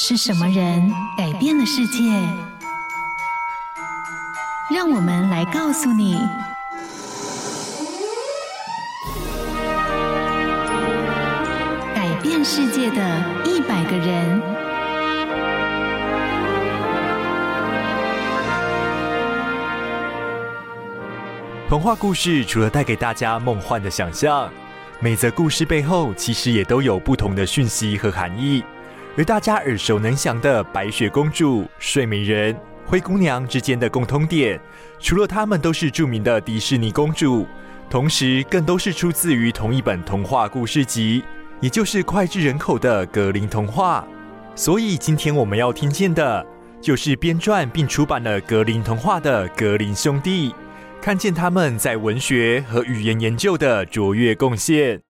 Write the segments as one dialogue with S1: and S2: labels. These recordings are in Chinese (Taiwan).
S1: 是什麼人改變了世界？讓我們來告訴你：改變世界的一百個人。童話故事除了帶給大家夢幻的想象，每則故事背後其實也都有不同的訊息和含義。而大家耳熟能詳的白雪公主、睡美人、灰姑娘之間的共通點，除了她們都是著名的迪士尼公主，同時更都是出自於同一本童話故事集，也就是膾炙人口的《格林童話》。所以今天我們要聽見的，就是編撰並出版了《格林童話》的格林兄弟，看見他們在文學和語言研究的卓越貢獻。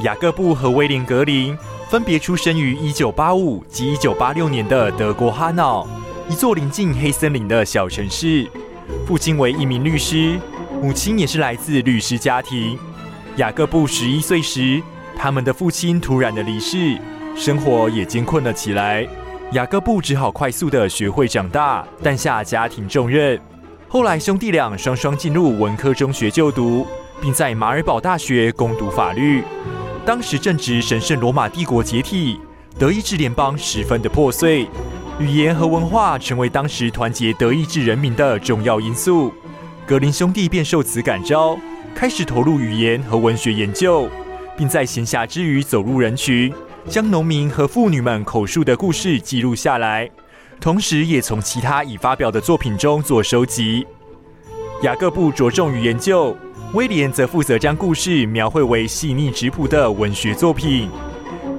S1: 雅各布和威廉·格林。分別出生於一九八五及一九八六年的德國哈瑙，一座臨近黑森林的小城市。父親為一名律師，母親也是來自律師家庭。雅各布十一歲時，他們的父親突然的離世，生活也艱困了起來。雅各布只好快速的學會長大，擔下家庭重任。後來兄弟倆雙雙進入文科中學就讀，並在馬爾堡大學攻讀法律。當時正值神聖羅馬帝國解體，德意志聯邦十分的破碎，語言和文化成為當時團結德意志人民的重要因素。格林兄弟便受此感召，開始投入語言和文學研究，並在閒暇之餘走入人群，將農民和婦女們口述的故事記錄下來，同時也從其他已發表的作品中做收集。雅各布着重於研究。威廉則負責將故事描繪為細膩質樸的文學作品。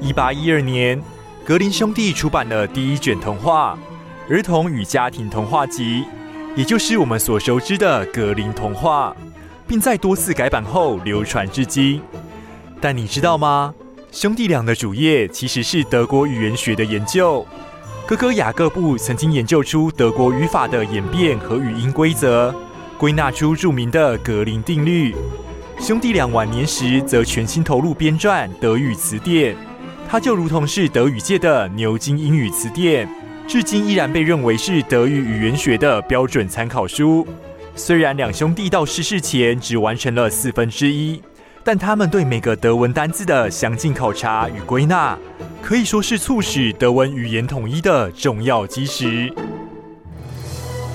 S1: 一八一二年，格林兄弟出版了第一卷童話《兒童與家庭童話集》，也就是我們所熟知的《格林童話》，並在多次改版後流傳至今。但你知道嗎？兄弟倆的主業其實是德國語言學的研究。哥哥雅各布曾經研究出德國語法的演變和語音規則。歸納出著名的格林定律。兄弟倆晚年時則全心投入編撰德語詞典，它就如同是德語界的牛津英語詞典，至今依然被認為是德語語言學的標準參考書。雖然兩兄弟到逝世前只完成了四分之一，但他們對每個德文單字的詳盡考察與歸納，可以說是促使德文語言統一的重要基石。